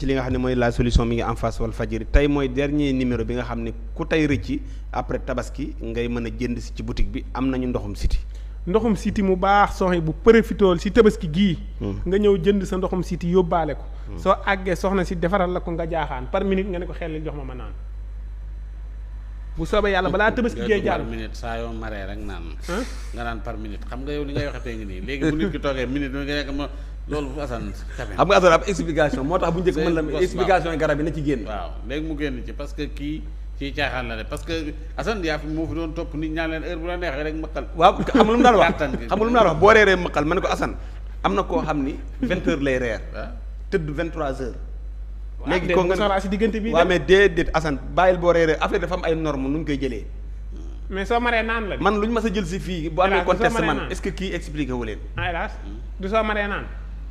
ci li nga xam ne mooy la solution mi ngi en face wal fajiri tey mooy dernier numéro bi nga xam ne ku tey rëcci après tabaski ngay mën a jënd si ci boutique bi am nañu ndoxum siti ndoxum siti mu baax soxna bu profitool si tabaski gii hmm. nga ñëw jënd sa ndoxum siti yóbbaale ko hmm. soo àggee soxna si defaral la ko nga jaaxaan par minute nga ne ko xel jox ma ma naan bu soobee yàlla balaa tabaski gee jaar minute saa yoo maree rek naan nga naan par minute xam nga yow li ngay waxatee ngi nii léegi bu nit ki toogee minute nga nekk ma loolu bu Assane xam nga Assane ab explication moo tax bu njëkk mën la explication garab yi na ci génn waaw léegi mu génn ci parce que kii ci caaxaan la de parce que Assane yaa fi moo fi doon topp nit ñaa leen heure bu la neexee rek mëqal waaw xam nga lu mu daan wax xam mu daan wax boo reeree ma na koo xam ni vingt lay reer tëdd vingt trois léegi ko nga si diggante bi amee mais déedéet Assane bàyyil boo reeree affaire dafa am ay norme nu ñu koy jëlee mais soo maree naan la man lu ñu ma sa jël si fii bu amee conteste man est-ce que kii expliqué leen ah hélas du soo maree naan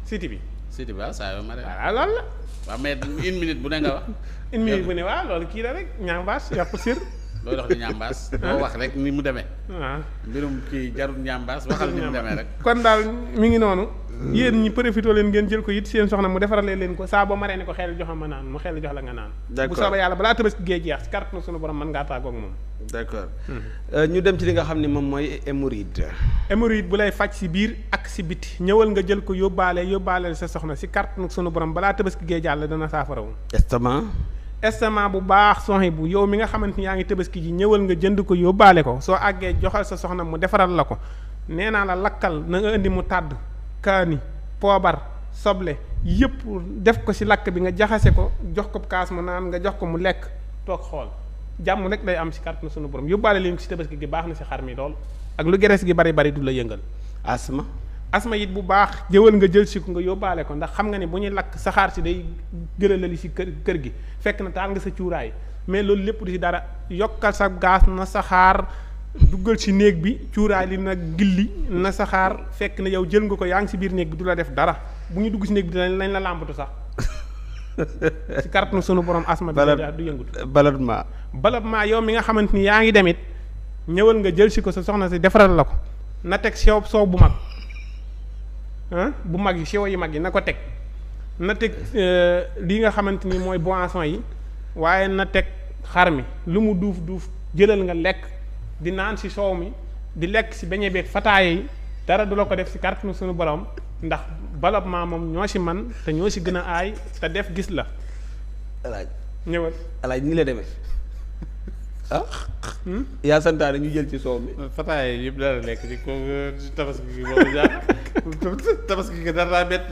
siti bi siti bi waaw saa yoo maree waaw loolu la waaw mais une minute bu ne nga wax une minute bu ne waaw loolu kii la rek ñaam baas yàpp sir looy dox di ñambaas boo wax rek ni mu demee. waaw ah. mbirum kii jarul ñambaas waxal ni mu demee rek. kon daal mu ngi noonu. yéen ñi profité leen ngeen jël ko it seen soxna mu defaralee leen ko saa boo ni ko xel jox ma naan mu xel jox la nga naan. d'accord bu soobee yàlla balaa tabaski gee jeex si carte na sunu borom mën ngaa tàggoog moom. d'accord hmm. euh, ñu dem ci li nga xam ni moom mooy hémorroïde. hémorroïde bu lay faj si biir ak si biti ñëwal nga jël ko yóbbaale yóbbaale sa soxna si carte na sunu borom balaa tabaski gee dana saafarawu estomac estomac bu baax soxna bu yow mi nga xamante ni yaa ngi tabaski ji ñëwal nga jënd ko yóbbaale ko soo àggee joxal sa soxna mu defaral la ko nee naa la lakkal na nga indi mu tàdd kaani poobar soble yëpp def ko ci lakk bi nga jaxase ko jox ko kaas mu naan nga jox ko mu lekk toog xool jàmm rek day am ci kàrt na sunu borom yóbbaale leen ko ci tabaski gi baax na ci xar mi lool ak lu gerees gi bari bari du la yëngal asma asma it bu baax jëwal nga jël si ko nga yóbbaale ko ndax xam nga ne bu ñuy lakk saxaar si day gëralali si kër kër gi fekk na taal nga sa cuuraay mais loolu lépp du si dara yokkal sa gaas na saxaar duggal si néeg bi cuuraay li na gilli na saxaar fekk na yow jël nga ko yaa ngi si biir néeg bi du la def dara bu ñu dugg si néeg bi dinañ lañ la làmbatu sax si carte nu sunu borom asma bi du yëngutu balab ma balab ma yow mi nga xamante ni yaa ngi demit ñëwal nga jël si ko sa soxna si defaral la ko na teg soow soow bu mag bu mag yi siwo yi mag yi na ko teg na teg euh, li nga xamante ni mooy boisson yi waaye na teg xar mi lu mu duuf duuf jëlal nga lekk di naan si soow mi di lekk si beñe beeg fataaye yi dara du la ko def si kàttanu suñu borom ndax développement moom ñoo si man te ñoo si gën a aay te def gis la alaaj ñëwal alaaj nii la demee ah. yaa santaane ñu jël ci soow mi. Euh, fataay yëpp dara nekk ci ko euh, tabaski gi moom tabaski gi dara bett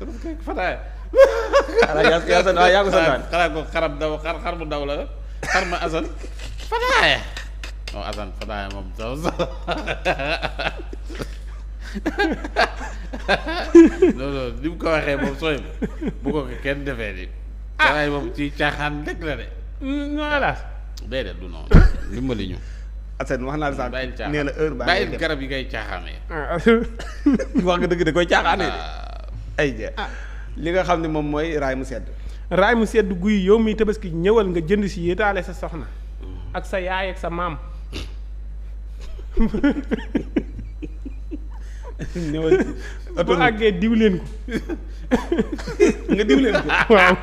tabaski gi fataay. xanaa yaa ko santaane. xanaa ko xaram daw xar xar daw la la xar ma asan fataay. moom asan fataay ni mu ko waxee moom sooy bu ko kenn defee nii. Ah! fataay moom ci caaxaan rek la de. non alaas déedéet du noonu dimbali ñu Assane wax naa la sax nee na heure bàyyi garab yi ngay caaxaanee ah. wax nga dëgg da koy caaxaanee ah. ay ah. li nga xam ne moom mooy raay mu sedd raay mu sedd guy yow mi tabaski ñëwal nga jënd si yéetaale sa soxna mm. ak sa yaay ak sa maam ñëwal bu àggee diw ko nga diw ko waaw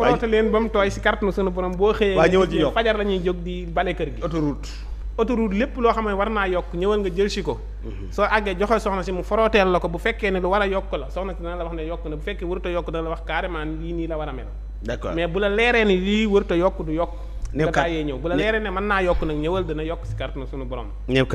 frotte leen ba mu tooy si kàttanu sunu borom boo xëyee waa ñëwal ci yow fajar la jóg di bale kër gi autoroute autoroute lépp loo xam ne war naa yokk ñëwal nga jël si ko mhm. soo àggee joxe soxna si mu forooteel la ko bu fekkee ne lu war a yokk la soxna si dana la wax ne yokk na bu fekkee warut a yokk dana la wax carrément lii nii la war a mel d'accord mais bu la leeree ni lii warut a yokk du yokk néew kàttan bu la leeree ne mën naa yokk nag ñëwal dana yokk si kàttanu sunu borom néew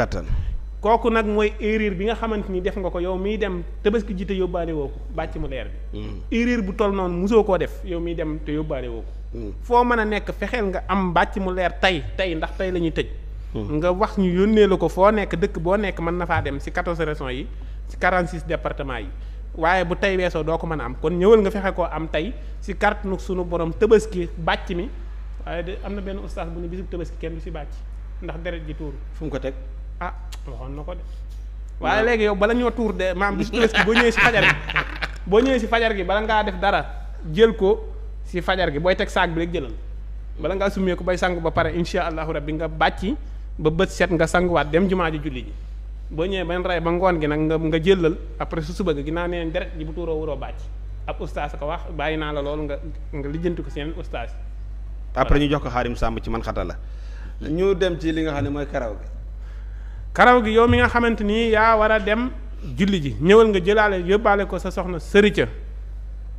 kooku nag mooy erreur bi nga xamante ni def nga ko yow mii dem tabaski ji te yóbbaale woo ko bàcc mu leer bi mm. erreur bu toll noonu musoo koo def yow miy dem te yóbbaale woo ko mm. foo mën a nekk fexeel nga am bàcc mu leer tey tey ndax tey la ñuy tëj mm. nga wax ñu yónnee la ko foo nekk dëkk boo nekk mën na faa dem ci quatorze régions yi ci quarante six départements yi waaye bu tey weesoo doo ko mën a am kon ñëwal nga fexe ko am tey ci carte nu sunu borom tabaski bàcc mi waaye de am na benn ustaas bu ne bisub kenn du ci bàcc ndax deret ji tuuru ko teg ah waxoon na ko de waaye léegi yow bala ñoo tuur de maam bis Tabaski boo ñëwee si fajar boo ñëwee si fajar gi bala ngaa def dara jël ko si fajar gi booy teg saag bi rek jëlal bala ngaa summee ko bay sangu ba pare insha allahu bi nga bàcci ba bët set nga sanguwaat dem jumaa ji julli ji boo ñëwee ban rey ba ngoon gi nag nga nga jëlal après su suba gi naa neen deret ji bu tuuroo wuroo bàcc ab ustaas ko wax bàyyi naa la loolu nga nga lijjanti ko seen yeneen ustaas après ñu jox ko xaarim sàmb ci man xata la ñu dem ci li nga xam ne mooy karaw karaw gi yow mi nga xamante ni yaa war a dem julli ji ñëwal nga jëlaale yóbbaale ko sa soxna sëri ca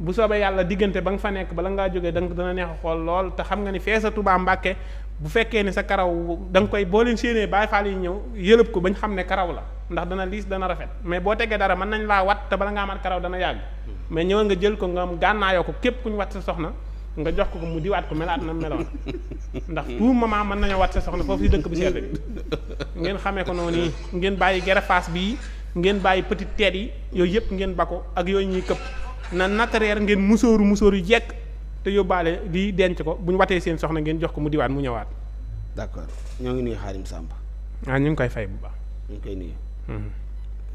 bu soobee yàlla diggante ba nga fa nekk bala ngaa jógee danga dana neex a xool te xam nga ni fee sa Tuubaa Mbàkke bu fekkee ne sa karaw da nga koy boo leen séenee Baay Faal yi ñëw yëlëb ko bañ xam ne karaw la ndax dana liis dana rafet mais boo tegee dara mën nañ laa wat te bala ngaa amaat karaw dana yàgg hmm. mais ñëwal nga jël ko nga gànnaayoo ko képp ku ñu wat sa soxna nga jox ko ko mu diwaat ko melaat na meloon ndax tout moment mën nañoo wat sa soxna foofu si dëkk bu sedd bi ngeen xamee ko noonu ngeen bàyyi gerafaas bi ngeen bàyyi petite tête yi yooyu yëpp ngeen ba ko ak yooyu ñuy këpp na natareer ngeen musóoru musóor yu jekk te yóbbaale di denc ko bu ñu watee seen soxna ngeen jox ko mu diwaat mu ñëwaat. d'accord ñoo ngi nuyu Xaarim Samb. ah ñu ngi koy fay bu baax. ñu ngi koy nuyu. Mhm.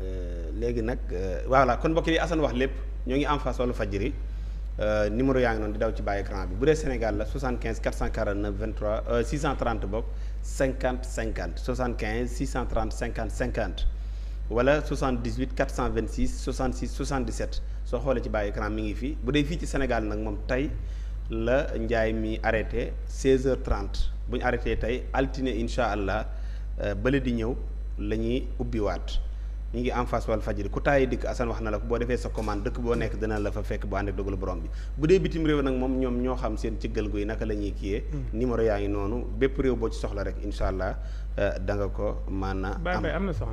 Euh, léegi nag euh, voilà kon mbokk yi Assane wax lépp ñoo ngi en face wala Euh, numéro yaa ngi noonu di daw ci bàyyi écran bi bu dee Sénégal la 75 449 23 euh, 630 bopp 50 50 75 630 50 50 wala 78 426 66 77 soo xoolee ci bàyyi écran mi ngi fii bu dee fii ci Sénégal nag moom tey la njaay mi arrêté 16h30 bu ñu arrêté tey altine incha allah euh, bële di ñëw la ñuy ubbiwaat. ñu ngi en face wal fajiri ku taayi dikk Assane wax na la ko boo defee sa commande dëkk boo nekk dina la fa fekk bu ànd ak borom bi bu dee bitim réew nag moom ñoom ñoo xam seen cëggal guy naka la ñuy kiyee hmm. yaa ngi noonu bépp réew boo ci soxla rek incha allah euh, da nga ko mën na am